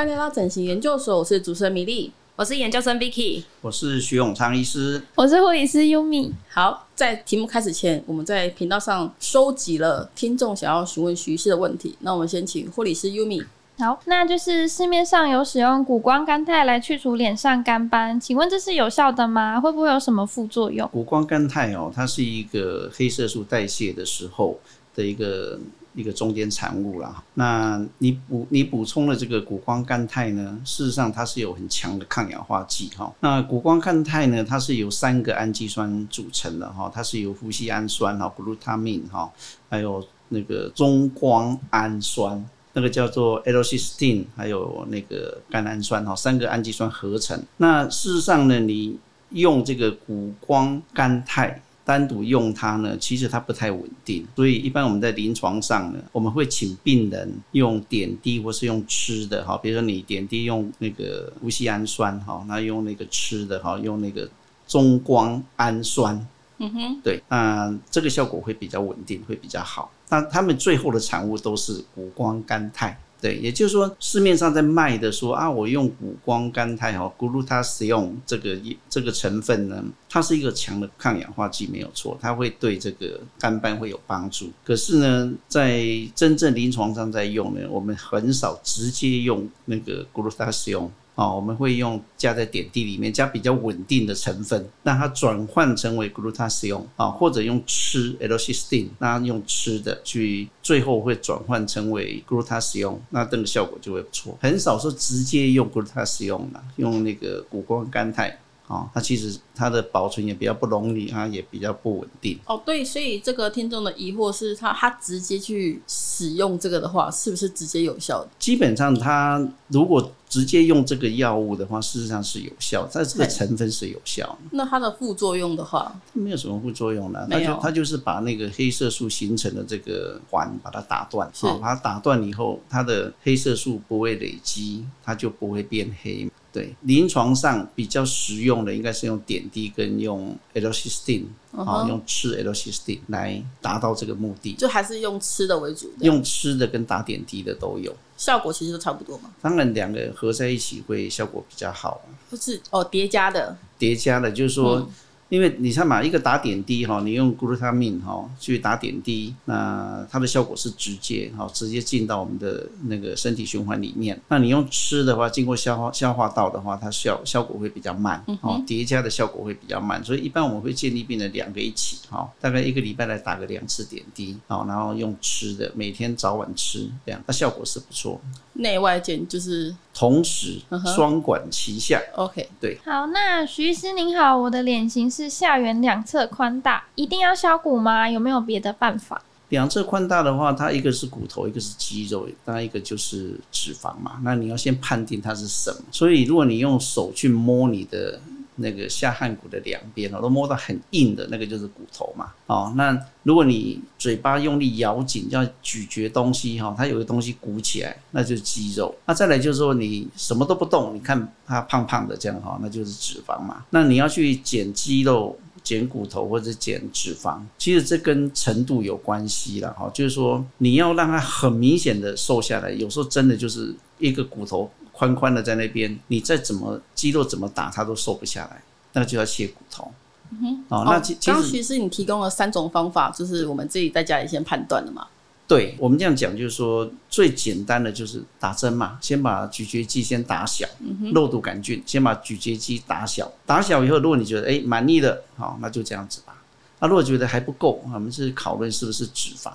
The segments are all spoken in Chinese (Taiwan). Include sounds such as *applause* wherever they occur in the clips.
歡迎來到整形顏究所，我是主持人米莉，我是研究生 Vicky，我是徐永昌醫師，我是護理師 Yumi。好，在題目開始前，我們在頻道上收集了聽眾想要詢問徐醫師的問題。那我們先請護理師 Yumi。好，那就是市面上有使用谷胱甘肽來去除臉上肝斑，請問這是有效的嗎？會不會有什麼副作用？谷胱甘肽哦，它是一個黑色素代謝的時候的一個。一個中間產物啦。那你補你補充了這個谷胱甘肽呢？事實上它是有很強的抗氧化劑哈。那谷胱甘肽呢？它是由三個氨基酸組成的哈。它是由麩胺酸哈 glutamine 哈，還有那個中胱氨酸，那個叫做 L-cystine，還有那個甘氨酸哈，三個氨基酸合成。那事實上呢，你用這個谷胱甘肽。單獨用它呢，其實它不太穩定，所以一般我們在臨床上呢，我們會請病人用點滴或是用吃的哈，比如說你點滴用那個無錫氨酸哈，那用那個吃的哈，用那個中光氨酸，嗯哼，對，那這個效果會比較穩定，會比較好。那他們最後的產物都是谷胱甘肽。對，也就是說市面上在賣的說啊，我用谷胱甘肽哦，Glutathione 這個這個成分呢，它是一個強的抗氧化劑，沒有錯，它會對這個肝斑會有幫助。可是呢，在真正臨床上在用呢，我們很少直接用那個 Glutathione。啊、哦，我們會用加在點滴裡面加比較穩定的成分，那它轉換成為 glutathione 啊，或者用吃 L-cysteine，那用吃的去最後會轉換成為 glutathione，那這個效果就會不錯。很少說直接用 glutathione 用那個谷胱甘肽。哦，它其實它的保存也比較不容易，它也比較不穩定。哦，對，所以這個聽眾的疑惑是它，它它直接去使用這個的話，是不是直接有效？基本上，它如果直接用這個藥物的話，事實上是有效，它這個成分是有效。那它的副作用的話，它沒有什麼副作用的、啊。沒有，它就它就是把那個黑色素形成的這個環把它打斷，好、哦，把它打斷以後，它的黑色素不會累積，它就不會變黑。對，臨床上比較實用的應該是用點滴跟用 L-cysteine，uh-huh. 啊，用吃 L-cysteine 來達到這個目的。就還是用吃的為主。用吃的跟打點滴的都有，效果其實都差不多嘛。當然，兩個合在一起會效果比較好。不是哦，疊加的。疊加的，就是說、嗯。因為你看嘛，一個打點滴哈，你用 glutamine 哈去打點滴，那它的效果是直接哈，直接進到我們的那個身體循環裡面。那你用吃的話，經過消化消化道的話，它效效果會比較慢，嗯，疊加的效果會比較慢。所以一般我們會建議病人兩個一起哈，大概一個禮拜來打個兩次點滴，然後用吃的，每天早晚吃這樣，它效果是不錯。內外兼就是。同時雙管齊下，uh-huh，OK，對。好，那徐醫師您好，我的臉型是下緣兩側寬大，一定要削骨嗎？有沒有別的辦法？兩側寬大的話，它一個是骨頭，一個是肌肉，再一個就是脂肪嘛。那你要先判定它是什麼，所以如果你用手去摸你的，那個下頜骨的兩邊，都摸到很硬的，那個就是骨頭嘛。哦，那如果你嘴巴用力咬緊，要咀嚼東西哈，它有個東西鼓起來，那就是肌肉。那再來就是說，你什麼都不動，你看它胖胖的這樣哈，那就是脂肪嘛。那你要去減肌肉、減骨頭或者減脂肪，其實這跟程度有關係了哈。就是說，你要讓它很明顯的瘦下來，有時候真的就是一個骨頭。寬寬的在那邊，你再怎麼肌肉怎麼打，它都瘦不下來，那就要切骨頭。嗯、哼哦，那、哦哦、其實剛其實你提供了三種方法，就是我們自己在家裡先判斷的嘛。對，我們這樣講就是說，最簡單的就是打針嘛，先把咀嚼肌先打小，嗯、哼肉毒桿菌先把咀嚼肌打小，打小以後，如果你覺得哎滿意的，好、哦、那就這樣子吧。那、啊、如果覺得還不夠，我們是考慮是不是脂肪，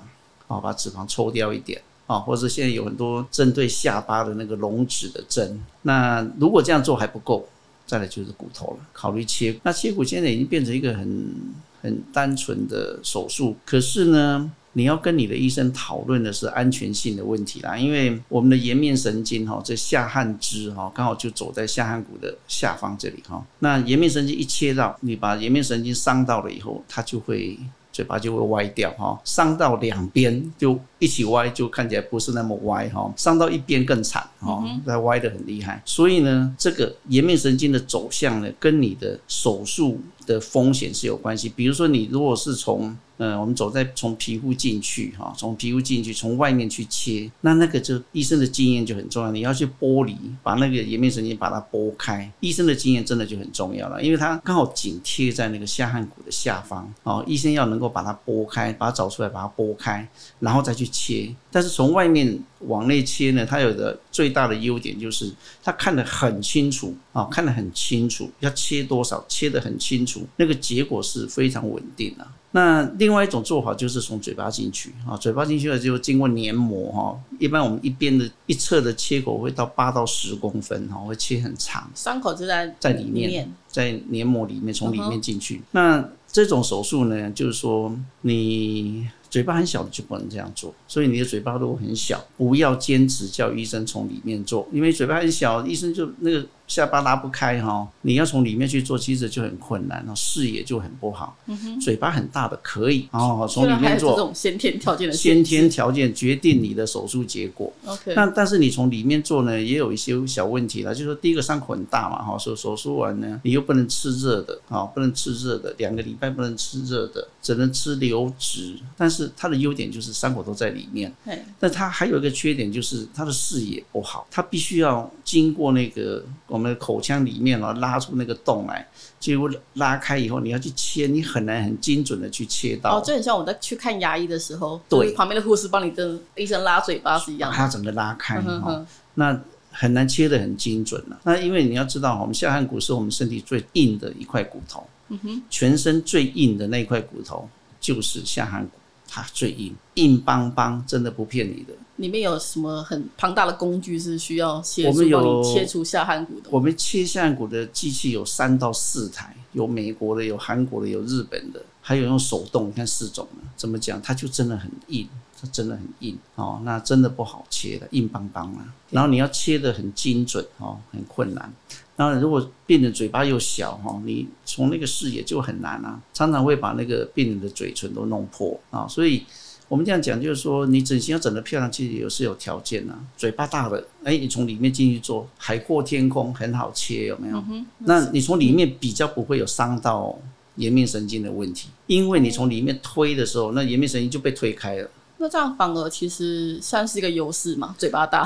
好、哦、把脂肪抽掉一點。啊、哦，或者現在有很多針對下巴的那個隆脂的針，那如果這樣做還不夠，再來就是骨頭了，考慮切骨。那切骨現在已經變成一個很很單純的手術，可是呢，你要跟你的醫生討論的是安全性的問題啦，因為我們的顏面神經哈、哦、下頜支哈、哦，剛好就走在下頜骨的下方這裡哈、哦，那顏面神經一切到，你把顏面神經傷到了以後，它就會。嘴巴就會歪掉哈，傷到兩邊就一起歪，就看起來不是那麼歪哈，傷到一邊更慘哈，它、okay. 歪得很厲害。所以呢，這個顏面神經的走向呢，跟你的手術的風險是有關係。比如說，你如果是從。嗯、呃，我們走在從皮膚進去哈，從皮膚進去，從外面去切，那那個就醫生的經驗就很重要。你要去剝離，把那個顏面神經把它剝開，醫生的經驗真的就很重要了，因為它剛好緊貼在那個下頜骨的下方哦。醫生要能夠把它剝開，把它找出來，把它剝開，然後再去切。但是從外面。往內切呢，它有的最大的優點就是它看得很清楚啊、哦，看得很清楚，要切多少，切得很清楚，那個結果是非常穩定的、啊。那另外一種做法就是從嘴巴進去啊、哦，嘴巴進去的就經過黏膜哈、哦，一般我們一邊的一側的切口會到八到十公分哈、哦，會切很長，傷口就在裡在裡面，在黏膜裡面，從裡面進去、嗯。那這種手術呢，就是說你。嘴巴很小的就不能這樣做，所以你的嘴巴如果很小，不要堅持叫醫生從裡面做，因為嘴巴很小，醫生就那個。下巴拉不開哈，你要從裡面去做，其實就很困難，視野就很不好。嗯、嘴巴很大的可以，哦，從裡面做先。先天條件先天條件決定你的手術結果。Okay、那但是你從裡面做呢，也有一些小問題了，就是說第一個傷口很大嘛哈，手手術完呢，你又不能吃熱的啊，不能吃熱的，兩個禮拜不能吃熱的，只能吃流質。但是它的優點就是傷口都在裡面，但它還有一個缺點就是它的視野不好，它必須要經過那個。我們的口腔裡面哦，然後拉出那個洞來，結果拉開以後，你要去切，你很難很精準的去切到。哦，這很像我在去看牙醫的時候，對旁邊的護士幫你跟醫生拉嘴巴是一樣的。他怎麼拉開、嗯哼哼哦。那很難切得很精準了、啊。那因為你要知道，我們下頜骨是我們身體最硬的一塊骨頭，嗯哼，全身最硬的那塊骨頭就是下頜骨，它最硬，硬邦邦，真的不騙你的。裡面有什麼很龐大的工具是需要協助你切除下頜骨的？我們切下頜骨的機器有三到四台，有美國的，有韓國的，有日本的，還有用手動，你看四種怎麼講？它就真的很硬，它真的很硬哦，那真的不好切的，硬邦邦啊。然後你要切得很精準哦，很困難。然後如果病人嘴巴又小哦，你從那個視野就很難啊，常常會把那個病人的嘴唇都弄破啊，哦，所以。我們這樣講，就是說，你整形要整得漂亮，其實有是有條件啊，嘴巴大的，哎、欸，你從裡面進去做，海闊天空，很好切，有沒有？嗯、那，那你從裡面比較不會有傷到顏面神經的問題，因為你從裡面推的時候，嗯、那顏面神經就被推開了。那這樣反而其實算是一個優勢嘛？嘴巴大，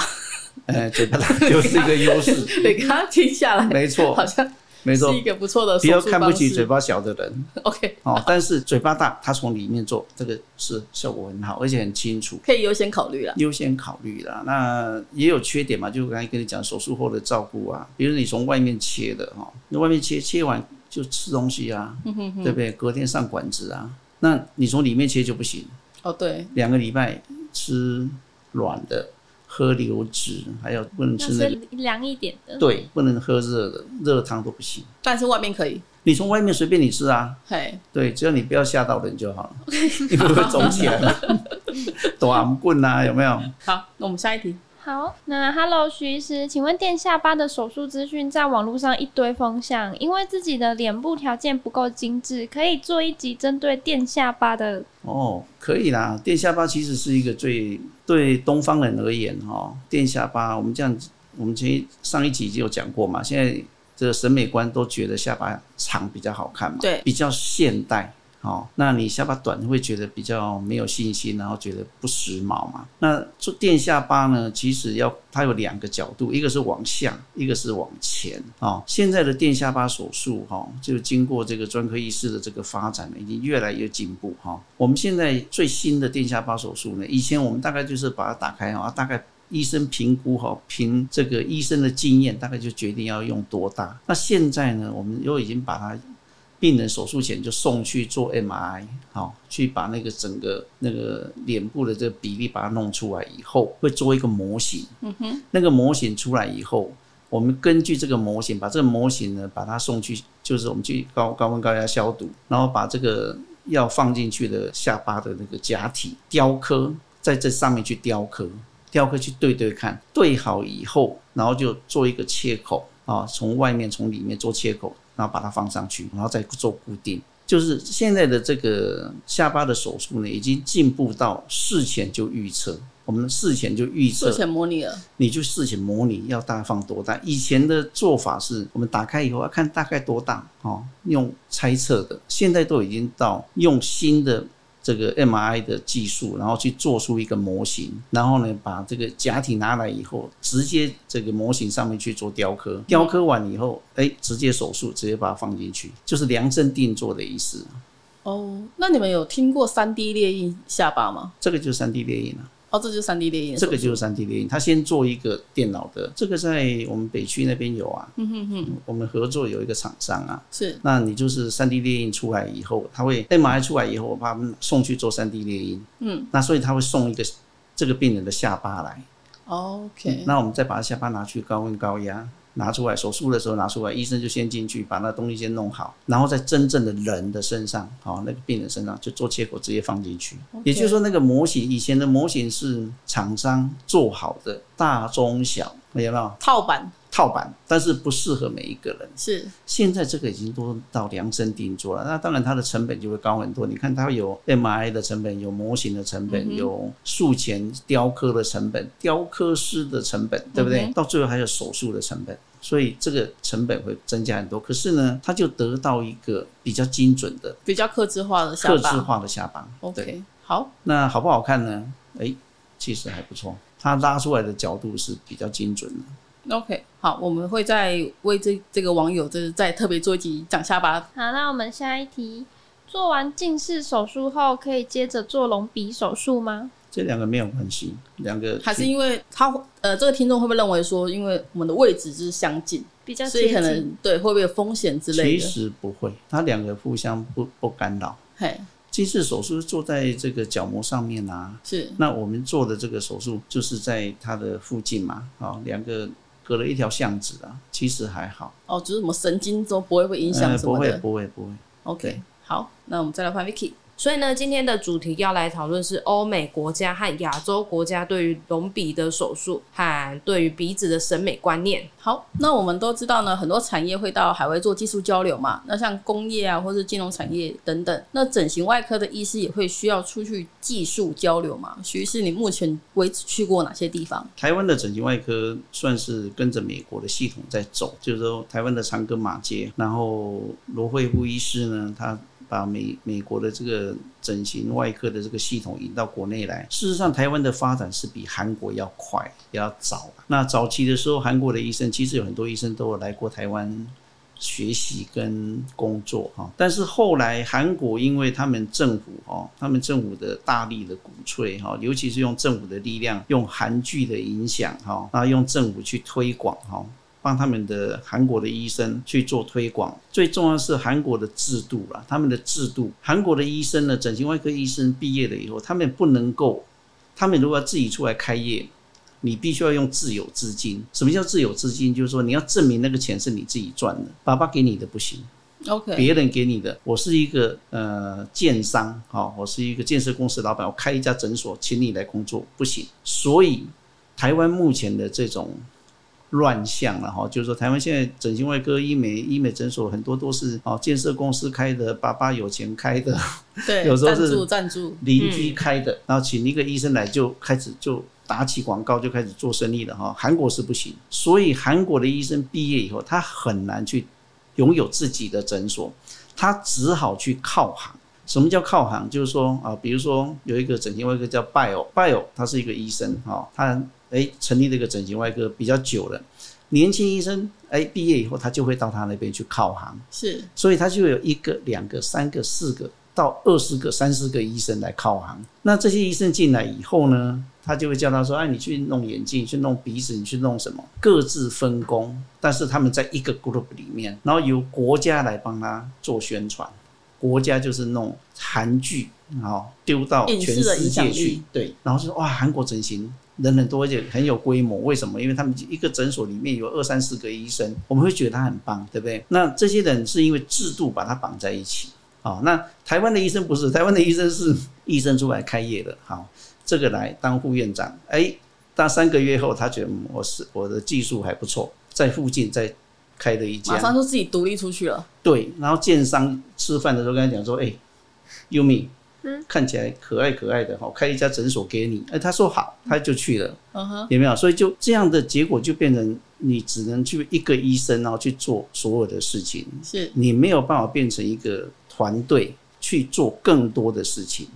哎 *laughs* 欸，嘴巴大就是一個優勢。對，剛聽下來，沒錯，好像。沒錯，是一個不錯的比較看不起嘴巴小的人。OK，哦，但是嘴巴大，他從裡面做，這個是效果很好，而且很清楚，可以優先考慮啦。優先考慮啦，那也有缺點嘛？就剛才跟你講，手術後的照顧啊，比如你從外面切的哈，那、哦、外面切切完就吃東西啊、嗯哼哼，對不對？隔天上管子啊，那你從裡面切就不行。哦，對，兩個禮拜吃軟的。喝流質，還有不能吃那涼、嗯、一點的，對，不能喝熱的，熱湯都不行。但是外面可以，你從外面隨便你吃啊。對，只要你不要嚇到人就好了，okay, *laughs* 你不會腫起來，短 *laughs* 棍吶、啊，有沒有？好，那我們下一題。好，那 Hello 徐醫師，請問墊下巴的手術資訊在網絡上一堆風向，因為自己的臉部條件不夠精緻，可以做一集針對墊下巴的。哦，可以啦，墊下巴其實是一個最對東方人而言哈，墊下巴我們這樣子，我們其實上一集就有講過嘛，現在這個審美觀都覺得下巴長比較好看嘛，對，比較現代。好、哦，那你下巴短會覺得比較沒有信心，然後覺得不時髦嘛？那做墊下巴呢？其實要它有兩個角度，一個是往下，一個是往前。啊、哦，現在的墊下巴手術，哈、哦，就經過這個專科醫師的這個發展呢，已經越來越進步。哈、哦，我們現在最新的墊下巴手術呢，以前我們大概就是把它打開啊，大概醫生評估哈、哦，憑這個醫生的經驗，大概就決定要用多大。那現在呢，我們又已經把它。病人手術前就送去做 MRI，好，去把那個整個那個臉部的這個比例把它弄出來以後，會做一個模型。嗯哼，那個模型出來以後，我們根據這個模型，把這個模型呢，把它送去，就是我們去高高溫高壓消毒，然後把這個要放進去的下巴的那個假體雕刻在這上面去雕刻，雕刻去對對看，對好以後，然後就做一個切口啊，從外面從裡面做切口。然後把它放上去，然後再做固定。就是現在的這個下巴的手術呢，已經進步到事前就預測。我們事前就預測，事前模擬了。你就事前模擬要大概放多大。以前的做法是我們打開以後要看大概多大，哦，用猜測的。現在都已經到用新的。這個 M I 的技術，然後去做出一個模型，然後呢，把這個假體拿來以後，直接這個模型上面去做雕刻，雕刻完以後，哎、欸，直接手術，直接把它放進去，就是量身定做的意思。哦，那你們有聽過三 D 列印下巴嗎？這個就是三 D 列印了。哦，這就是三 D 列印，這個就是三 D 列印。他先做一個電腦的，這個在我們北區那邊有啊。嗯哼哼，嗯、我們合作有一個廠商啊。是。那你就是三 D 列印出來以後，他會 MR 出來以後，我把他們送去做三 D 列印。嗯。那所以他會送一個這個病人的下巴來。OK。嗯、那我們再把他下巴拿去高溫高壓。拿出來，手術的時候拿出來，醫生就先進去把那東西先弄好，然後在真正的人的身上，好、哦、那個病人身上就做切口直接放進去。Okay. 也就是說，那個模型，以前的模型是廠商做好的，大中小，有沒有？套板。套板，但是不適合每一個人。是，現在這個已經都到量身定做了。那當然，它的成本就會高很多。你看，它有 M I 的成本，有模型的成本，嗯、有術前雕刻的成本，雕刻師的成本，對不對？Okay、到最後還有手術的成本，所以這個成本會增加很多。可是呢，它就得到一個比較精準的、比較客制化的、下，客制化的下巴。OK，好，那好不好看呢？哎、欸，其實還不錯。它拉出來的角度是比較精準的。OK。好，我們會再為這這個網友就是再特別做一集講下巴。好，那我們下一題：做完近視手術後可以接着做隆鼻手術嗎？這兩個沒有關係，兩個還是因為他呃，這個聽眾會不會認為說，因為我們的位置就是相近，比較近，所以可能，對，會不會有風險之類的？其實不會，他兩個互相不不干擾。嘿，近視手術做在這個角膜上面啊，是那我們做的這個手術就是在它的附近嘛，好，兩個。隔了一條巷子啊，其實還好。哦，就是什麼神經都不會，會影響什麼的，嗯。不會，不會，不會。OK，好，那我們再來換 Vicky。所以呢，今天的主題要來討論是歐美國家和亞洲國家對於隆鼻的手術和對於鼻子的審美觀念。好，那我們都知道呢，很多產業會到海外做技術交流嘛。那像工業啊，或者金融產業等等，那整形外科的醫師也會需要出去技術交流嘛。徐醫師，你目前為止去過哪些地方？台灣的整形外科算是跟着美國的系統在走，就是說台灣的長庚、馬偕，然後羅慧夫醫師呢，他。把美美國的這個整形外科的這個系統引到國內來。事實上，台灣的發展是比韓國要快，要早啊。那早期的時候，韓國的醫生其實有很多醫生都有來過台灣學習跟工作哈，但是後來韓國因為他們政府哈，他們政府的大力的鼓吹哈，尤其是用政府的力量，用韓劇的影響哈，那用政府去推廣哈。幫他們的韓國的醫生去做推廣，最重要的是韓國的制度了。他們的制度，韓國的醫生呢，整形外科醫生畢業了以後，他們不能夠，他們如果要自己出來開業，你必須要用自有資金。什麼叫自有資金？就是說你要證明那個錢是你自己賺的，爸爸給你的不行。OK，別人給你的，我是一個呃建商，我是一個建設公司老板，我開一家診所，請你來工作不行。所以台灣目前的這種。亂象了哈，就是說台灣現在整形外科醫美醫美診所很多都是哦建設公司開的，爸爸有錢開的，對， *laughs* 有時候是贊助贊助鄰居開的、嗯，然後請一個醫生來就開始就打起廣告就開始做生意了哈。韓國是不行，所以韓國的醫生畢業以後他很難去擁有自己的診所，他只好去靠行。什麼叫靠行？就是說啊，比如說有一個整形外科叫 Bio、Bio，他是一個醫生哈，他。誒成立這個整形外科，比較久了。年輕醫生哎，畢業以後他就會到他那邊去靠行，是，所以他就有一個、兩個、三個、四個，到二十個、三十個醫生來靠行。那這些醫生進來以後呢，他就會叫他說：“啊、你去弄眼睛，去弄鼻子，你去弄什麼？各自分工，但是他們在一個 group 裡面，然後由國家來幫他做宣傳。國家就是弄韓劇，然後丟到全世界去，對，然後就說哇，韓國整形。”人很多，而且很有規模。為什麼？因為他們一個診所裡面有二三四個醫生，我們會覺得他很棒，對不對？那這些人是因為制度把他綁在一起。哦，那台灣的醫生不是，台灣的醫生是醫生出來開業的。好，這個來當副院長，哎、欸，當三個月後，他覺得、嗯、我是我的技術還不錯，在附近再開了一家，馬上就自己獨立出去了。對，然後建商吃飯的時候跟他講說：“哎、欸，優米。看起來可愛可愛的哈，開一家診所給你，哎、欸，他說好，他就去了，有沒有？所以就這樣的結果就變成你只能去一個醫生然後去做所有的事情，是你沒有辦法變成一個團隊去做更多的事情，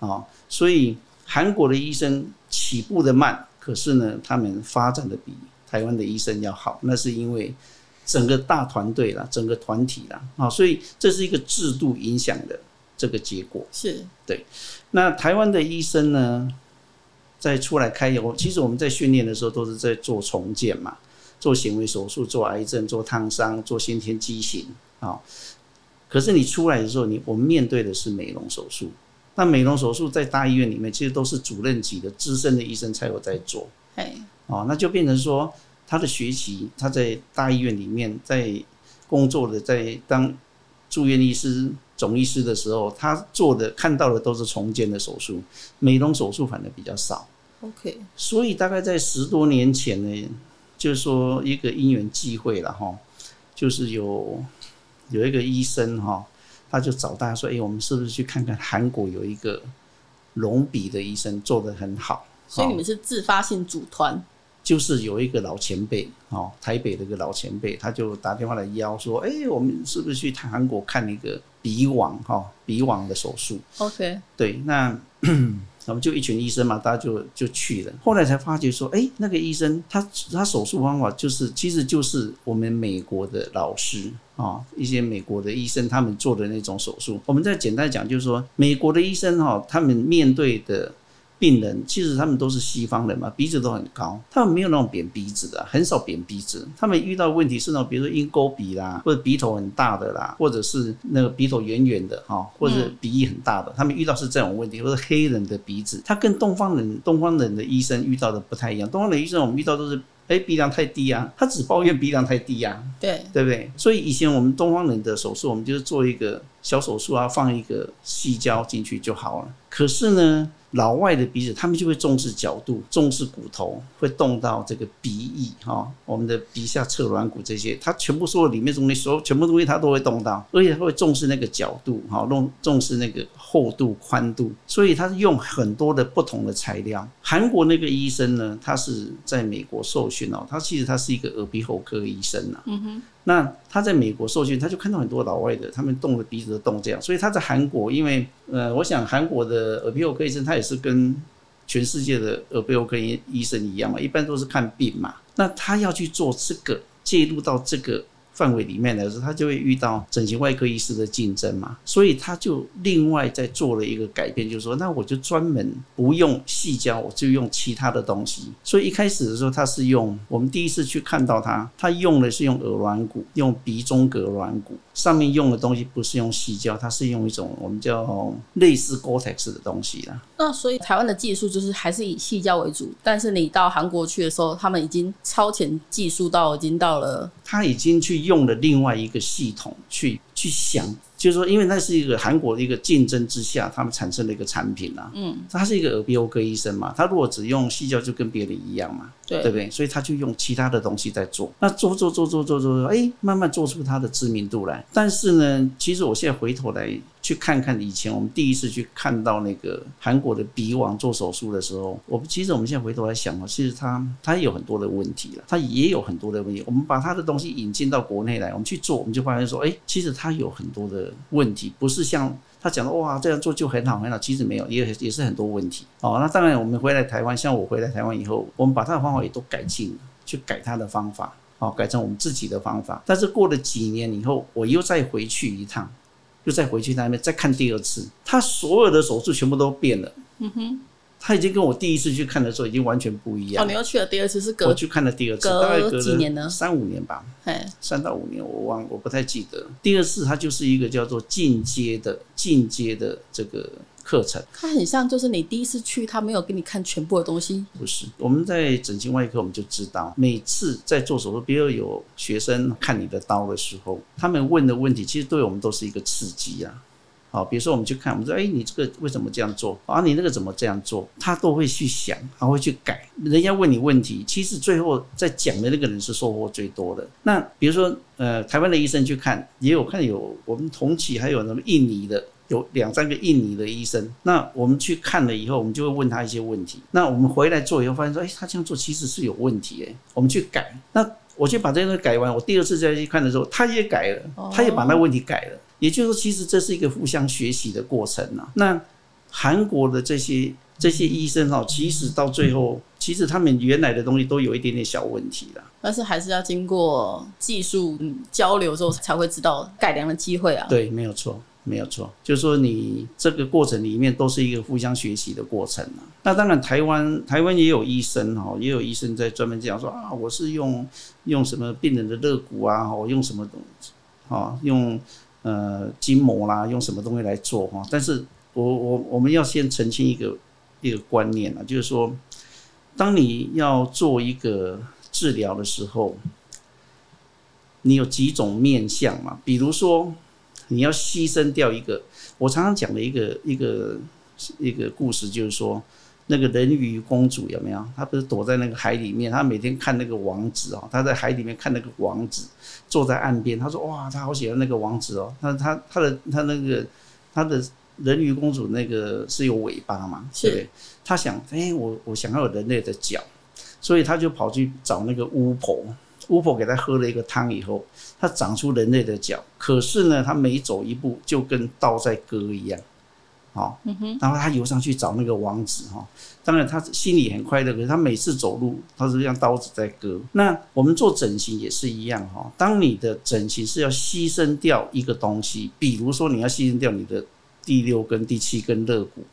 啊，所以韓國的醫生起步的慢，可是呢，他們發展的比台灣的醫生要好，那是因為整個大團隊啦，整個團體啦，啊，所以這是一個制度影響的，這個結果是對。那台灣的醫生呢，在出來開以後，其實我們在訓練的時候都是在做重建嘛，做顯微手術，做癌症，做燙傷，做先天畸形啊。可是你出來的時候，你我們面對的是美容手術。那美容手術在大醫院裡面，其實都是主任級的資深的醫生才有在做。哎，哦，那就變成說，他的學習他在大醫院裡面在工作的，在當住院醫師，總醫師的時候，他做的看到的都是重建的手術，美容手術反而比較少。OK，所以大概在十多年前呢，就是說一個因緣際會了哈，就是有有一個醫生哈，他就找大家說：“誒、欸，我們是不是去看看韓國有一個隆鼻的醫生做得很好？”所以你們是自發性組團。就是有一個老前輩，哦，台北的一個老前輩，他就打電話來邀說：“誒、欸，我們是不是去韓國看一個鼻網哈鼻網的手術？” OK，對，那我們就一群醫生嘛，大家就就去了。後來才發覺說，誒、欸，那個醫生他他手術方法就是其實就是我們美國的老師啊，一些美國的醫生他們做的那種手術。我們再簡單講，就是說美國的醫生哈，他們面對的。病人其實他們都是西方人嘛，鼻子都很高，他們沒有那種扁鼻子的，很少扁鼻子。他們遇到的問題是那種，比如說鷹鈎鼻啦，或者鼻頭很大的啦，或者是那個鼻頭圓圓的哈，或者鼻翼很大的。他們遇到是這種問題，或者黑人的鼻子，他跟東方人、東方人的醫生遇到的不太一樣。東方的醫生我們遇到都是，哎，鼻梁太低啊，他只抱怨鼻梁太低呀、啊，對對不對？所以以前我們東方人的手術，我們就是做一個。小手術啊，放一個矽膠進去就好了。可是呢，老外的鼻子，他們就會重視角度，重視骨頭，會動到這個鼻翼哈、哦，我們的鼻下側軟骨這些，他全部說的裡面中的所有全部東西他都會動到，而且他會重視那個角度哈，弄、哦、重視那個厚度、寬度，所以他是用很多的不同的材料。韓國那個醫生呢，他是在美國受訓哦，他其實他是一個耳鼻喉科醫生吶、啊。嗯哼。那他在美國受訓，他就看到很多老外的，他們動了鼻子都動這樣，所以他在韓國，因為呃，我想韓國的耳鼻喉科醫生他也是跟全世界的耳鼻喉科醫醫生一樣嘛，一般都是看病嘛，那他要去做這個介入到這個。範圍裡面來說，他就會遇到整形外科醫師的競爭嘛，所以他就另外再做了一個改變，就是說，那我就專門不用矽膠，我就用其他的東西。所以一開始的時候，他是用我們第一次去看到他，他用的是用耳軟骨，用鼻中隔軟骨，上面用的東西不是用矽膠，它是用一種我們叫類似 Gore-Tex 的東西啦。那所以台灣的技術就是還是以矽膠為主，但是你到韓國去的時候，他們已經超前技術到已經到了，他已經去。用了另外一個系統去去想，就是說，因為那是一個韓國的一個競爭之下，他們產生的一個產品啊，嗯，他是一個耳鼻喉科醫生嘛，他如果只用矽膠，就跟別人一樣嘛，對，對不對？所以他就用其他的東西在做，那做做做做做做做，哎、欸，慢慢做出他的知名度來。但是呢，其實我現在回頭來。去看看，以前我們第一次去看到那個韓國的鼻王做手術的時候，我們其實我們現在回頭來想啊，其實他他有很多的問題了，他也有很多的問題。我們把他的東西引進到國內來，我們去做，我們就發現說，哎，欸，其實他有很多的問題，不是像他講的哇，這樣做就很好很好，其實沒有，也也是很多問題哦。那當然，我們回來台灣，像我回來台灣以後，我們把他的方法也都改進了，去改他的方法，哦，改成我們自己的方法。但是過了幾年以後，我又再回去一趟。又再回去那邊再看第二次，他所有的手術全部都變了。嗯哼，他已經跟我第一次去看的時候已經完全不一樣。哦，你又去了第二次是隔？我去看了第二次，隔幾年呢？大概隔了三五年吧，哎，三到五年我忘，我不太記得。第二次他就是一個叫做進階的進階的這個。課程，它很像，就是你第一次去，他沒有給你看全部的東西。不是，我們在整形外科，我們就知道，每次在做手術，比如有學生看你的刀的時候，他們問的問題，其實對我們都是一個刺激啊。好，比如說我們去看，我們說，哎、欸，你這個為什麼這樣做？啊，你那個怎麼這樣做？他都會去想，他會去改。人家問你問題，其實最後在講的那個人是收穫最多的。那比如說，呃，台灣的醫生去看，也有看有我們同期，還有什麼印尼的。有兩三個印尼的醫生，那我們去看了以後，我們就會問他一些問題。那我們回來做以後，發現說，哎，他這樣做其實是有問題、欸。哎，我們去改。那我就把這些東西改完。我第二次再去看的時候，他也改了，他也把那問題改了。哦、也就是說，其實這是一個互相學習的過程啊。那韓國的這些這些醫生哈、啊，其實到最後，其實他們原來的東西都有一點點小問題的、啊。但是還是要經過技術、嗯、交流之後，才會知道改良的機會啊。對，沒有錯。沒有錯，就是說你這個過程裡面都是一個互相學習的過程啊。那當然，台灣台灣也有醫生哈，也有醫生在專門講說啊，我是用用什麼病人的肋骨啊，我用什麼東西啊，用呃筋膜啦，啊，用什麼東西來做哈。但是我我我們要先澄清一個一個觀念啊，就是說，當你要做一個治療的時候，你有幾種面向嘛？比如說。你要犧牲掉一個，我常常講的一個一個一個故事，就是說那個人魚公主有沒有？她不是躲在那個海裡面，她每天看那個王子哦，她在海裡面看那個王子坐在岸邊，她說哇，她好喜歡那個王子哦。那她她的她那個她的人魚公主那個是有尾巴嘛？是。她想，哎、欸，我我想要有人類的腳，所以她就跑去找那個巫婆。巫婆給他喝了一個湯以後，他長出人類的腳，可是呢，他每走一步就跟刀在割一樣，好、哦嗯，然後他游上去找那個王子哈、哦。當然他心裡很快樂，可是他每次走路，他是像刀子在割。那我們做整形也是一樣哈、哦，當你的整形是要犧牲掉一個東西，比如說你要犧牲掉你的第六根、第七根肋骨。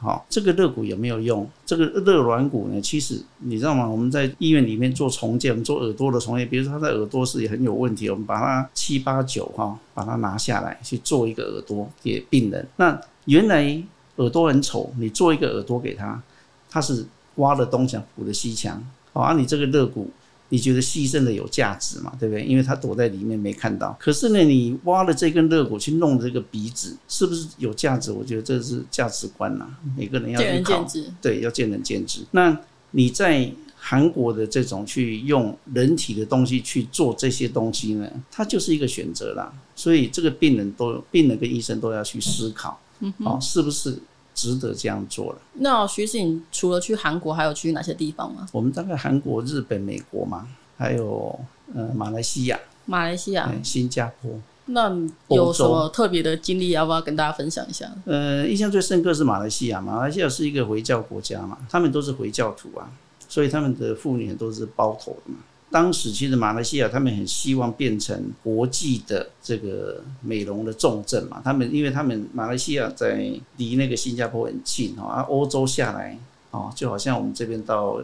好、哦，這個肋骨有沒有用？這個肋軟骨呢，其實你知道嗎？我們在醫院裡面做重建，我們做耳朵的重建，比如說他的耳朵是也很有問題，我們把它七八九哈、哦，把它拿下來去做一個耳朵給病人。那原來耳朵很醜，你做一個耳朵給他，他是挖了東牆補了西牆，好、哦，而、啊、你這個肋骨。你覺得犧牲的有價值嘛？對不對？因為他躲在裡面沒看到。可是呢，你挖了這根肋骨去弄這個鼻子，是不是有價值？我覺得這是價值觀吶、啊，每個人要去考，見仁見智。對，要見仁見智。那你在韓國的這種去用人體的東西去做這些東西呢？它就是一個選擇啦。所以這個病人都，病人跟醫生都要去思考，好、嗯哦，是不是？值得這樣做了。那徐院長除了去韓國，還有去哪些地方啊？我們大概韓國、日本、美國嘛，還有呃馬來西亞、馬來西亞、新加坡。那有什麼特別的經歷，要不要跟大家分享一下？呃，印象最深刻是馬來西亞，馬來西亞是一個回教國家嘛，他們都是回教徒啊，所以他們的婦女都是包頭的嘛。當時其實馬來西亞他們很希望變成國際的這個美容的重鎮嘛，他們因為他們馬來西亞在離那個新加坡很近啊，歐洲下來啊、哦，就好像我們這邊到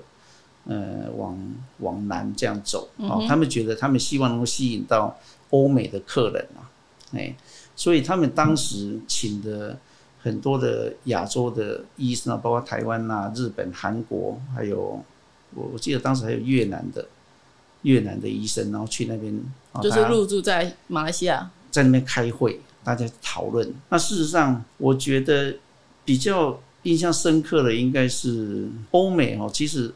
呃往往南這樣走啊，哦 mm -hmm. 他們覺得他們希望能夠吸引到歐美的客人啊，哎，所以他們當時請的很多的亞洲的醫生啊，包括台灣啊、日本、韓國，還有我我記得當時還有越南的。越南的醫生，然後去那邊，就是入住在馬來西亞，在那邊開會，大家討論。那事實上，我覺得比較印象深刻的應該是歐美哦。其實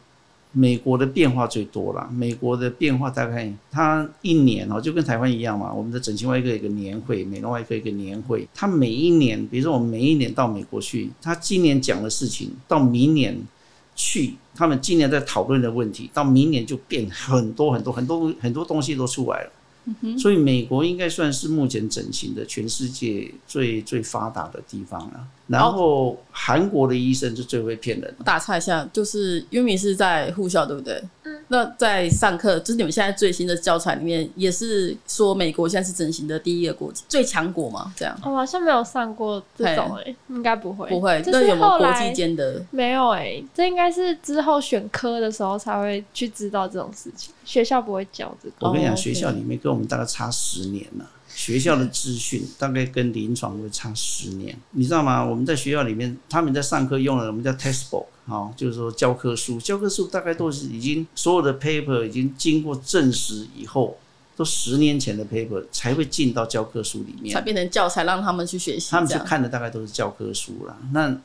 美國的變化最多啦。美國的變化大概，它一年哦，就跟台灣一樣嘛。我們的整形外科一個年會，美容外科一個年會，它每一年，比如說我每一年到美國去，它今年講的事情，到明年去，他們今年在討論的問題，到明年就變很多很多很多很多，東西都出來了。嗯、所以美國應該算是目前整形的全世界最最發達的地方了。然後韓國的醫生是最會騙人的。打岔一下，就是因為你是在護校，對不對？嗯。那在上課，就是你們現在最新的教材裡面也是說，美國現在是整形的第一個國家，最強國嘛，這樣。我、哦、好像沒有上過這種誒、欸，應該不會。不會，這是那有沒有國際間的？沒有誒、欸，這應該是之後選科的時候才會去知道這種事情。學校不會教這個。我跟你講，Oh, okay. 學校裡面跟我們大概差十年了。學校的資訊大概跟臨床會差十年，你知道嗎？我們在學校裡面，他們在上課用了我們叫 textbook 哈，就是說教科書，教科書大概都是已經所有的 paper 已經經過證實以後，都十年前的 paper 才會進到教科書裡面，才變成教材讓他們去學習。他們去看的大概都是教科書啦。那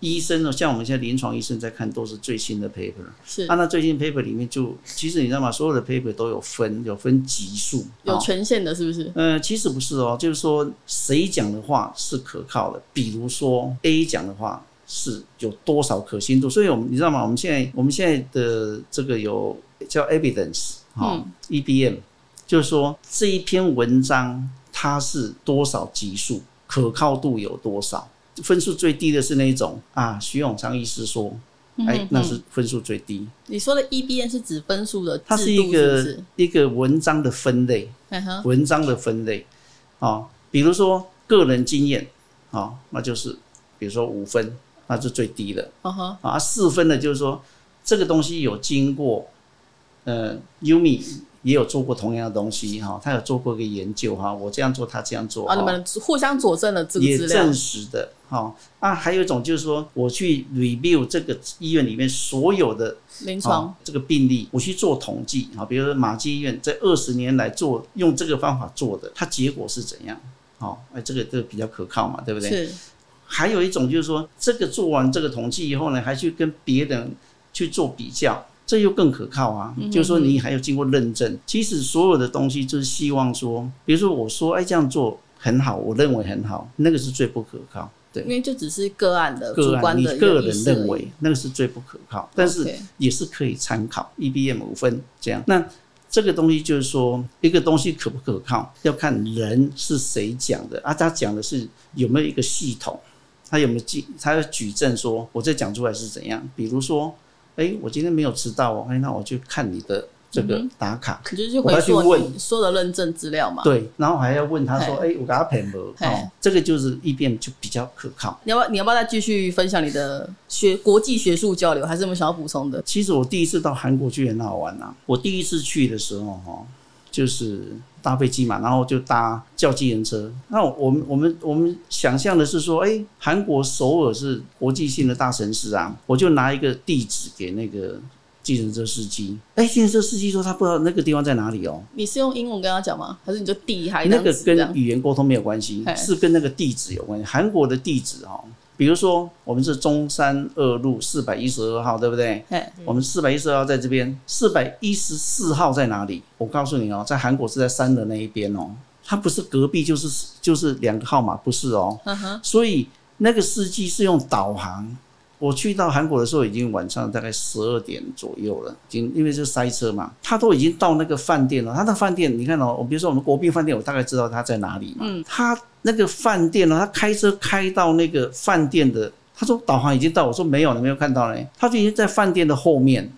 醫生呢，像我們現在臨床醫生在看，都是最新的 paper 是。是啊，那最新 paper 裡面就其實你知道嗎？所有的 paper 都有分，有分級數。有權限的，是不是？嗯、哦呃，其實不是哦，就是說誰講的話是可靠的。比如說 A 講的話是有多少可信度？所以我們你知道嗎？我們現在我們現在的這個有叫 evidence，哈、哦嗯、，EBM，就是說這一篇文章它是多少級數，可靠度有多少？分數最低的是那一種啊，徐永昌醫師說，哎，那是分數最低。嗯嗯，你說的 EBM 是指分數的，它是一個是是一個文章的分類，uh -huh. 文章的分類啊、哦，比如說個人經驗啊、哦，那就是比如說五分，那是最低的，uh -huh. 啊，四分的，就是說這個東西有經過，呃，優米也有做過同樣的東西哈、哦，他有做過一個研究哈、哦，我這樣做，他這樣做，啊、哦，你們互相佐證了，這個資料，也證實的。好、哦，那、啊、還有一種就是說，我去 review 這個醫院裡面所有的臨床、哦、這個病例，我去做統計。好、哦，比如說馬偕醫院在二十年來做用這個方法做的，它結果是怎樣？好、哦，哎，這個就比較可靠嘛，對不對？是。還有一種就是說，這個做完這個統計以後呢，還去跟別人去做比較，這又更可靠啊。嗯嗯，就是說你還有經過認證。其實所有的東西就是希望說，比如說我說哎，這樣做很好，我認為很好，那個是最不可靠。對，因為就只是個案的，個案主觀的，你個人認為那個是最不可靠，但是也是可以參考。Okay、EBM 五分這樣，那這個東西就是說，一個東西可不可靠要看人是誰講的啊？他講的是有沒有一個系統，他有沒有舉他要舉證說，我這講出來是怎樣？比如說，哎、欸，我今天沒有遲到哦、欸，那我就看你的。這個打卡、嗯，你就是就去回去問說的認證資料嘛。對，然後還要問他說：“哎、欸，我跟他配合。喔”這個就是 EBM 就比較可靠。你要不要？你要不要再繼續分享你的學國際學術交流？還是有沒想要補充的？其實我第一次到韓國去很好玩啊！我第一次去的時候哈、喔，就是搭飛機嘛，然後就搭叫計程車。那我們我們我們想象的是說，哎、欸，韓國首爾是國際性的大城市啊，我就拿一個地址給那個。計程車司機，哎、欸，計程車司機說他不知道那個地方在哪裡哦、喔。你是用英文跟他講嗎？還是你就地還？還那個跟語言溝通沒有關係，是跟那個地址有關係。韓國的地址哦、喔。比如說我們是中山二路四百一十二號，對不對？我們四百一十二號在這邊，四百一十四號在哪裡？我告訴你哦、喔，在韓國是在山的那一邊哦、喔。它不是隔壁、就是，就是就是兩個號碼，不是哦、喔啊。所以那個司機是用導航。我去到韓國的時候，已經晚上大概十二點左右了，已經因為是塞車嘛，他都已經到那個飯店了。他的飯店，你看哦，我，比如說我們國賓飯店，我大概知道他在哪裡嘛。他、嗯、那個飯店呢，他開車開到那個飯店的，他說導航已經到，我說沒有了，你沒有看到呢，他就已經在飯店的後面，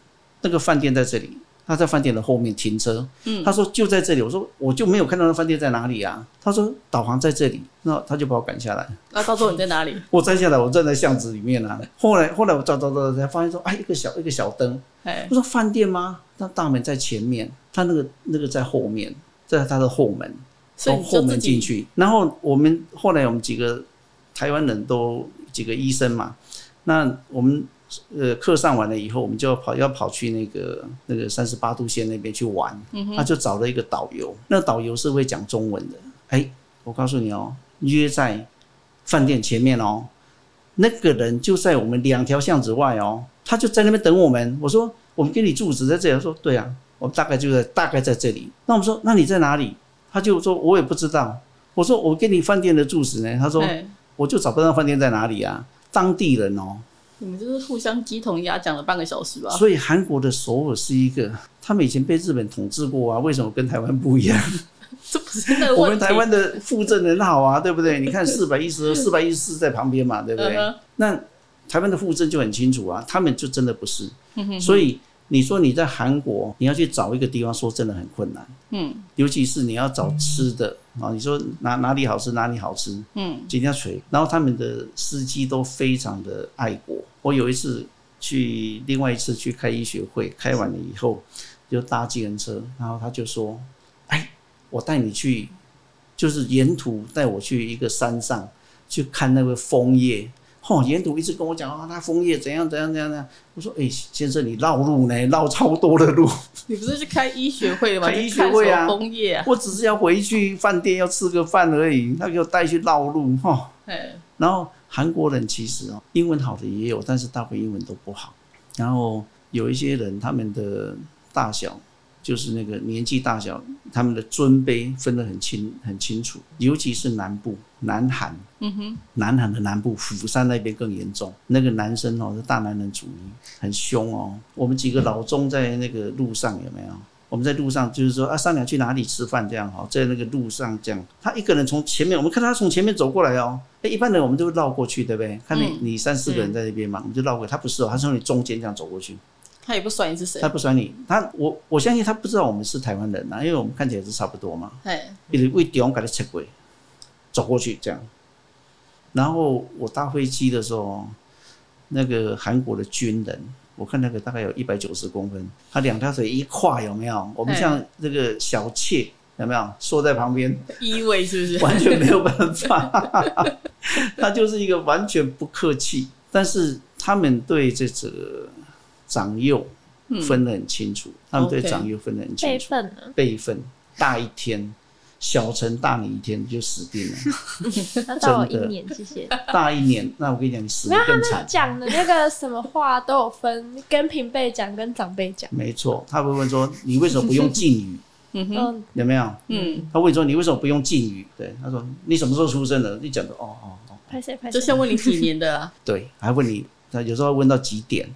那個飯店在這裡。他在飯店的後面停車。嗯，他說就在這裡。我說我就沒有看到那飯店在哪裡啊？他說導航在這裡。那他就把我趕下來。那、啊、到時候你在哪裡？我站下來，我站在巷子裡面啊。後來後來我找找找，才發現說啊、哎，一個小一個小燈。哎，我說飯店嗎？那大門在前面，他那個那個在後面，在他的後門。所以後門進去。然後我們後來我們幾個台灣人都幾個醫生嘛，那我們。呃，課上完了以後，我們就要跑，要跑去那個那個三十八度線那邊去玩，嗯。他就找了一個導遊，那導遊是會講中文的。哎、欸，我告訴你哦、喔，約在飯店前面哦、喔，那個人就在我們兩條巷子外哦、喔，他就在那邊等我們。我說，我們給你住址在這裡，他說對啊，我們大概就在大概在這裡。那我們說，那你在哪裡？他就說，我也不知道。我說，我給你飯店的住址呢？他說，欸、我就找不到飯店在哪裡啊，當地人哦、喔。你們就是互相雞同鴨講了半個小時吧？所以韓國的首爾是一個，他們以前被日本統治過啊，為什麼跟台灣不一樣？ *laughs* 這不是我們台灣的戶政很好啊，對不對？你看四百一十、四百一十四在旁邊嘛，對不對？Uh -huh. 那台灣的戶政就很清楚啊，他們就真的不是。 *laughs* 所以。你說你在韓國，你要去找一個地方，說真的很困難。嗯，尤其是你要找吃的啊，你說哪哪裡好吃，哪裡好吃，嗯，天要錘。然後他們的司機都非常的愛國。我有一次去，另外一次去開醫學會，開完了以後就搭計程車，然後他就說：“哎，我帶你去，就是沿途帶我去一個山上去看那個楓葉。”哦，沿途一直跟我講啊，那楓葉怎樣怎樣怎樣怎樣。我說，哎、欸，先生，你繞路呢，繞超多的路。你不是去開醫學會嗎？開醫學會啊，楓葉、啊、我只是要回去飯店要吃個飯而已，他就帶去繞路哈。哎、哦，然後韓國人其實哦，英文好的也有，但是大部分英文都不好。然後有一些人，他們的大小。就是那個年紀大小，他們的尊卑分得很清很清楚，尤其是南部，南韓，嗯哼，南韓的南部，釜山那邊更嚴重。那個男生哦，是大男人主義，很凶哦。我們幾個老中在那個路上有沒有？我們在路上就是說啊，商量去哪裡吃飯這樣哦，在那個路上這樣，他一個人從前面，我們看他從前面走過來哦。欸、一般人我們都會繞過去，對不對？看你你三四個人在那邊嘛、嗯，我們就繞過去，他不是哦，他是從你中間這樣走過去。他也不甩你是誰，他不甩你，他我我相信他不知道我們是台灣人啊，因為我們看起來是差不多嘛。對比如為帝王給他接走過去這樣。然後我搭飛機的時候，那個韓國的軍人，我看那個大概有一百九十公分，他兩條腿一跨有沒有？我們像這個小妾有沒有？縮在旁邊，依偎是不是？完全沒有辦法， *laughs* *laughs* 他就是一個完全不客氣。但是他們對這個。長幼分得很清楚、嗯，他們對長幼分得很清楚，okay, 輩分、啊、輩分大一天，小成大你一天就死定了。 *laughs* 真的大 *laughs* 一年，謝謝。大一年，那我跟你講，你死得更慘。他、啊、講、那個、的那個什麼話都有分， *laughs* 跟平輩講，跟長輩講。沒錯，他會問說：“你為什麼不用敬語？” *laughs* 嗯哼，有沒有？嗯，他問說：“你為什麼不用敬語？”對，他說：“你什麼時候出生講的？”你講的哦哦哦，拍攝拍攝？就先問你幾年的、啊。 *laughs* 對，還問你，他有時候問到幾點。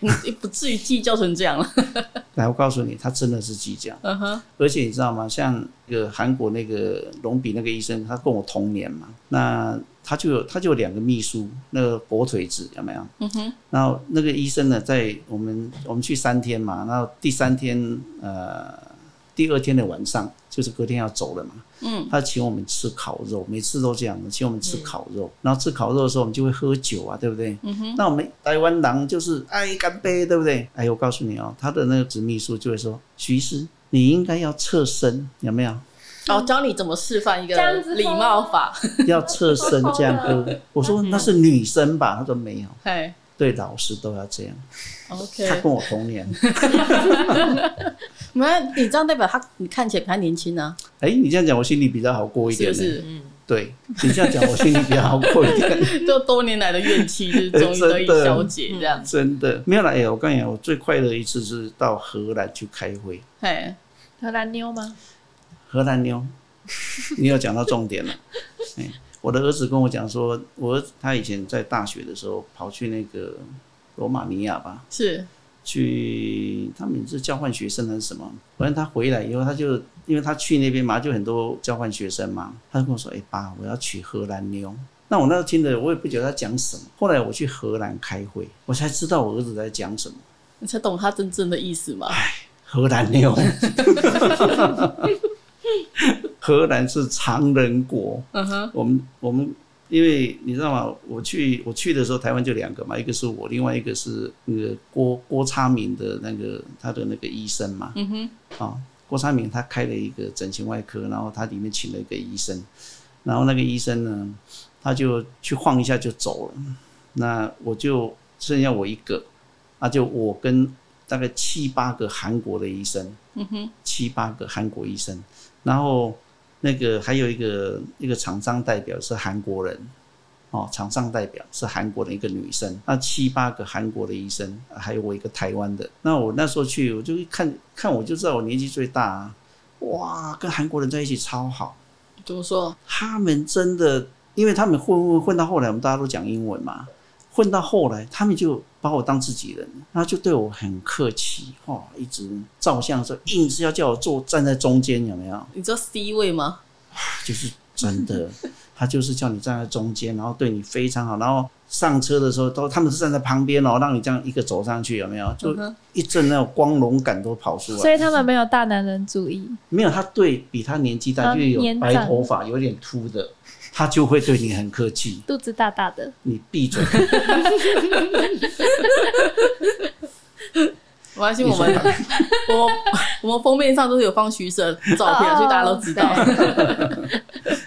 你也不至於計較成這樣了 *laughs* 來，我告訴你，他真的是計較。嗯、uh、哼 -huh。而且你知道嗎？像那個韓國那個隆鼻那個醫生，他跟我同年嘛。那他就有他就有兩個祕書，那個狗腿子有沒有？嗯、uh、哼 -huh。然後那個醫生呢，在我們我們去三天嘛。然後第三天呃，第二天的晚上。就是隔天要走了嘛，嗯，他請我們吃烤肉，每次都這樣子，請我們吃烤肉，嗯、然後吃烤肉的時候，我們就會喝酒啊，對不對？嗯哼，那我們台灣郎就是愛乾杯，對不對？哎，我告訴你哦，他的那個女秘書就會說，徐師，你應該要側身，有沒有？哦、嗯，教你怎麼示範一個禮貌法， *laughs* 要側身這樣喝。我說那是女生吧？他說沒有。嗯嘿對老師都要這樣，OK。他跟我同年，沒？ *laughs* *laughs* 你這樣代表他，你看起來比他年輕呢、啊。哎、欸，你這樣講、欸，是是樣講，我心裡比較好過一點。是嗯。對，你這樣講，我心裡比較好過一點。就多年來的怨氣，就是終於可以消解，這樣。欸、真的、嗯、真的沒有了耶、欸！我告訴你，我最快樂一次是到荷蘭去開會。哎，荷蘭妞嗎？荷蘭妞，你有講到重點了。哎、 *laughs* 欸。我的兒子跟我講說，我兒子他以前在大學的時候跑去那個羅馬尼亞吧，是去他們是交換學生還是什麼？反正他回來以後，他就因為他去那邊嘛，就很多交換學生嘛，他就跟我說：“哎、欸，爸，我要娶荷蘭妞。”那我那時候聽着，我也不覺得他講什麼。後來我去荷蘭開會，我才知道我兒子在講什麼，你才懂他真正的意思嘛。哎，荷蘭妞。 *laughs* *laughs* 荷蘭是常人國。嗯哼，我們我們，因為你知道嗎？我去我去的時候，台灣就兩個嘛，一個是我，另外一個是那個郭郭昌明的那個他的那個醫生嘛。嗯哼，啊，郭昌明他開了一個整形外科，然後他裡面請了一個醫生，然後那個醫生呢，他就去晃一下就走了，那我就剩下我一個，那、啊、就我跟大概七八個韓國的醫生，嗯哼，七八個韓國醫生，然後。那個還有一個一個廠商代表是韓國人，哦，廠商代表是韓國的一個女生，那七八個韓國的醫生，還有我一個台灣的。那我那時候去，我就一看看，看我就知道我年紀最大啊，哇，跟韓國人在一起超好。怎麼說？他們真的，因為他們混混混到後來，我們大家都講英文嘛。混到後來，他們就把我當自己人，他就對我很客氣，哈、哦，一直照相的時候硬是要叫我坐站在中間，有沒有？你坐 C 位嗎？就是真的， *laughs* 他就是叫你站在中間，然後對你非常好，然後上車的時候都他們是站在旁邊，然後讓你這樣一個走上去，有沒有？就一陣那種光榮感都跑出來。所以他們沒有大男人主義。 *laughs* 沒有他對比他年紀大，又有白頭髮，有點禿的。他就會對你很客氣。肚子大大的，你閉嘴。 *laughs* *laughs* 我還是我們， *laughs* 我們我們封面上都是有放徐生照片， *laughs* 所以大家都知道。 *laughs*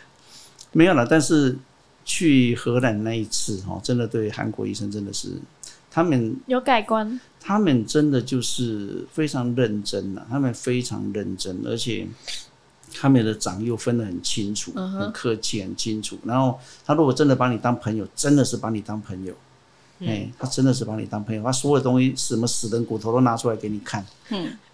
*laughs* 沒有了，但是去荷蘭那一次，真的對韓國醫生真的是他們有改觀。他們真的就是非常認真，他們非常認真，而且。他們的長幼分得很清楚，Uh-huh. 很客氣，很清楚。然後他如果真的把你當朋友，真的是把你當朋友，哎、嗯欸，他真的是把你當朋友。他所有東西，什麼死人骨頭都拿出來給你看。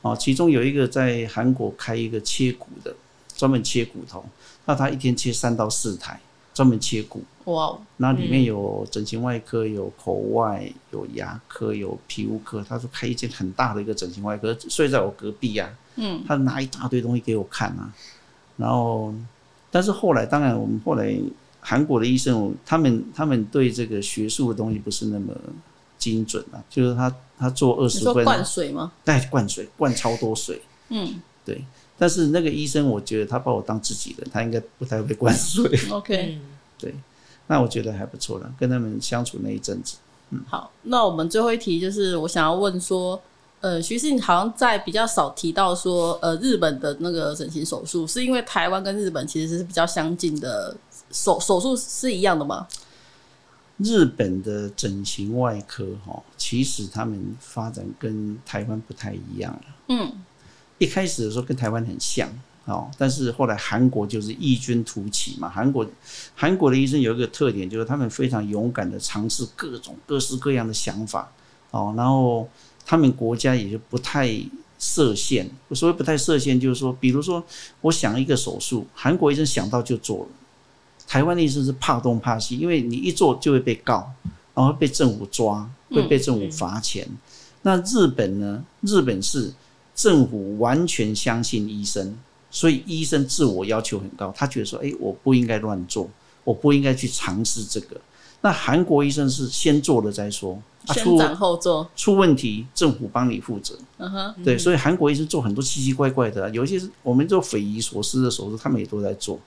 哦、嗯，其中有一個在韓國開一個切骨的，專門切骨頭，那他一天切三到四台。專門切骨，哇、wow,！那裡面有整形外科、嗯，有口外，有牙科，有皮膚科。他說開一間很大的一個整形外科，睡在我隔壁呀、啊。嗯，他拿一大堆東西給我看啊。然後，但是後來，當然我們後來韓國的醫生，他們他們對這個學術的東西不是那麼精準啊。就是他他做二十分、啊、灌水嗎？灌水，灌超多水。嗯，對。但是那個醫生，我覺得他把我當自己的，他應該不太會灌水。OK，對，那我覺得還不錯了，跟他們相處那一陣子。嗯，好，那我們最後一題就是，我想要問說，呃，徐信好像在比較少提到說，呃，日本的那個整形手術，是因為台灣跟日本其實是比較相近的手，手手術是一樣的嗎？日本的整形外科哈，其實他們發展跟台灣不太一樣。嗯。一開始的時候跟台灣很像哦，但是後來韓國就是異軍突起嘛。韓國韓國的醫生有一個特點，就是他們非常勇敢的嘗試各種各式各樣的想法哦。然後他們國家也就不太設限，所謂不太設限就是說，比如說我想一個手術，韓國醫生想到就做了。台灣的醫生是怕東怕西，因為你一做就會被告，然後被政府抓，會被政府罰錢。嗯。那日本呢？日本是。政府完全相信醫生，所以醫生自我要求很高。他覺得說：“哎、欸，我不應該亂做，我不應該去嘗試這個。”那韓國醫生是先做了再說，先、啊、斬後奏，出問題政府幫你負責。Uh -huh. 對。所以韓國醫生做很多奇奇怪怪的，有一些是我們做匪夷所思的手術，他們也都在做。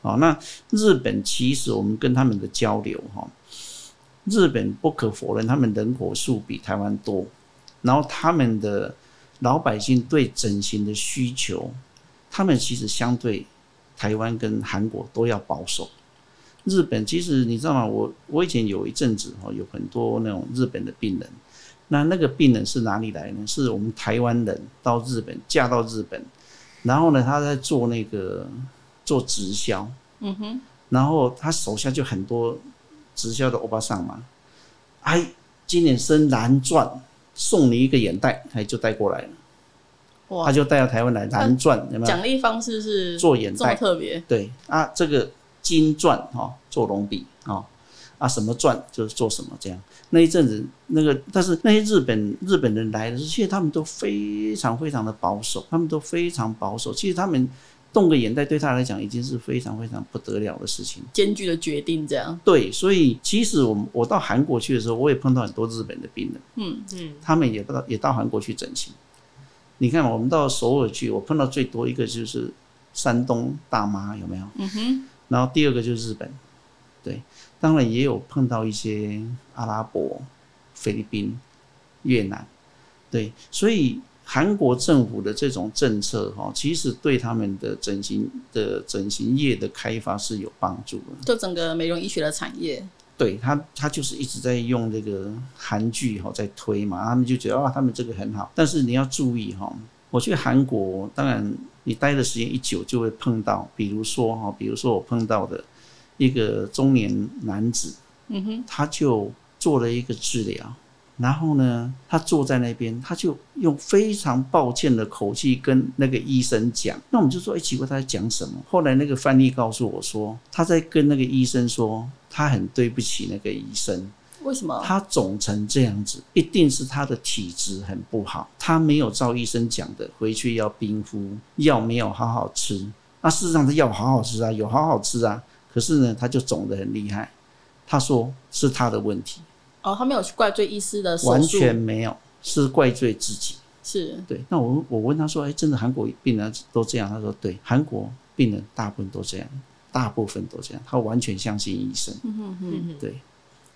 好，那日本其實我們跟他們的交流哈，日本不可否認他們人口數比台灣多，然後他們的。老百姓對整形的需求，他們其實相對台灣跟韓國都要保守。日本其實你知道嗎？我我以前有一陣子哈，有很多那種日本的病人。那那個病人是哪裡來呢？是我們台灣人到日本嫁到日本，然後呢，他在做那個做直銷。嗯哼。然後他手下就很多直銷的歐巴桑嘛。哎，今年生意難賺。送你一個眼袋，他就帶過來了，哇！他就帶到台灣來，藍鑽有沒有？獎勵方式是做眼袋，特別對啊，這個金鑽哈、哦，做隆鼻、哦、啊，啊什麼鑽就是做什麼這樣。那一陣子，那個但是那些日本日本人來的，的其實他們都非常非常的保守，他們都非常保守，其實他們。動個眼袋對他來講已經是非常非常不得了的事情，艱巨的決定這樣。對，所以其實我我到韓國去的時候，我也碰到很多日本的病人，嗯嗯，他們也到也到韓國去整形。你看，我們到首爾去，我碰到最多一個就是山東大媽，有沒有？嗯哼。然後第二個就是日本，對，當然也有碰到一些阿拉伯、菲律賓、越南，對，所以。韓國政府的這種政策哈，其實對他們的整形的整形業的開發是有幫助的，就整個美容醫學的產業。對他，他就是一直在用這個韓劇哈在推嘛，他們就覺得啊，他們這個很好。但是你要注意哈，我去韓國當然你待的時間一久就會碰到，比如說哈，比如說我碰到的一個中年男子，嗯哼，他就做了一個治療。然後呢，他坐在那邊，他就用非常抱歉的口氣跟那個醫生講。那我們就說，哎、欸，奇怪，他在講什麼？後來那個翻譯告訴我說，他在跟那個醫生說，他很對不起那個醫生。為什麼？他腫成這樣子，一定是他的體質很不好。他沒有照醫生講的回去要冰敷，藥沒有好好吃。那、啊、事實上，他藥好好吃啊，有好好吃啊。可是呢，他就腫得很厲害。他說是他的問題。哦，他沒有去怪罪醫師的時候。完全沒有，是怪罪自己。是，對。那我我問他說，哎、欸，真的韓國病人都這樣？他說，對，韓國病人大部分都這樣，大部分都這樣。他完全相信醫生。嗯嗯嗯。對，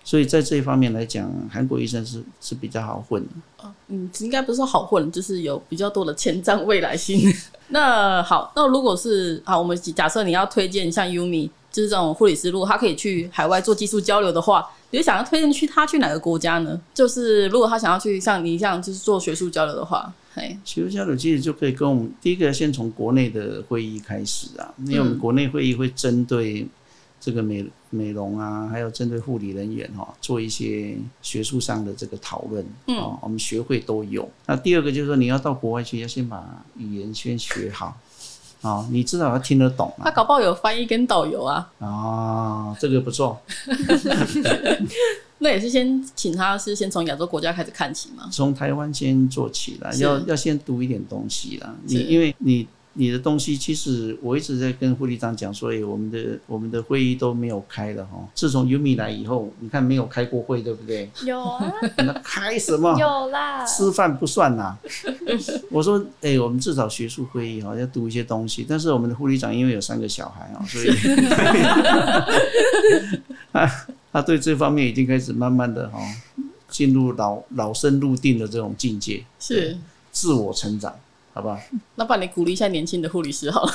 所以在這一方面來講，韓國醫生是是比較好混的。嗯，應該不是說好混，就是有比較多的前瞻未來性。 *laughs* 那好，那如果是好，我們假設你要推薦像 Yumi 就是這種護理師，如果他可以去海外做技術交流的話，你就想要推薦去他去哪個國家呢？就是如果他想要去像你這樣，就是做學術交流的話，學術交流其實就可以跟我們第一個先從國內的會議開始啊，因為我們國內會議會針對這個美美容啊，還有針對護理人員哈、喔，做一些學術上的這個討論。嗯、喔，我們學會都有。那第二個就是說，你要到國外去，要先把語言先學好。哦，你至少要聽得懂啊！他搞不好有翻譯跟導遊啊！啊、哦，這個不錯。 *laughs* *laughs* *laughs* 那也是先請他，是先從亞洲國家開始看起嘛？從台灣先做起來，要要先讀一點東西啦。你因為你。你的東西其實我一直在跟護理長講，所、欸、以我們的我們的會議都沒有開的哈。自從 Yumi 來以後，你看沒有開過會，對不對？有啊。那開什麼？有啦。吃飯不算啦、啊、我說，哎、欸，我們至少學術會議哈，要讀一些東西。但是我們的護理長因為有三個小孩啊，所以 *laughs* *laughs* 他他對這方面已經開始慢慢的哈，進入老老僧入定的這種境界，是自我成長。好吧，那爸，你鼓勵一下年輕的護理師好了。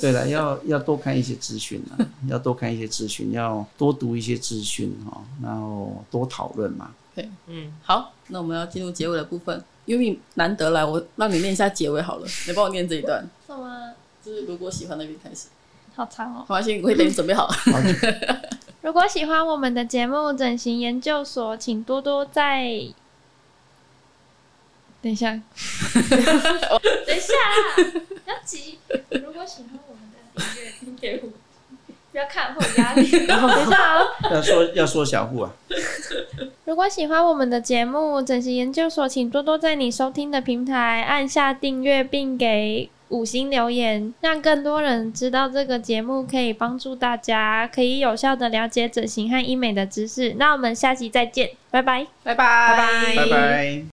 對了，要要多看一些資訊啊，要多看一些資訊、啊， *laughs* 要多讀一些資訊哦，然後多討論嘛。對、okay.，嗯，好，那我們要進入結尾的部分，因為難得來，我讓你念一下結尾好了， *laughs* 你幫我念這一段，什麼？就是如果喜歡的那邊開始，好長哦、喔。黃先我會等你準備好。 *laughs* *laughs* 好的 *laughs* 如果喜歡我們的節目《整形顏究所》，請多多在。等一下， *laughs* 等一下啦，不 *laughs* 要急。如果喜歡我們的音樂， *laughs* 聽給我，不要看破壓力。非常好。要說要說小戶啊。 *laughs* 如果喜歡我們的節目《整形顏究所》，請多多在你收聽的平台按下訂閱，並給五星留言，讓更多人知道這個節目可以幫助大家，可以有效的了解整形和醫美的知識。那我們下集再見，拜拜，拜拜，拜拜，拜拜。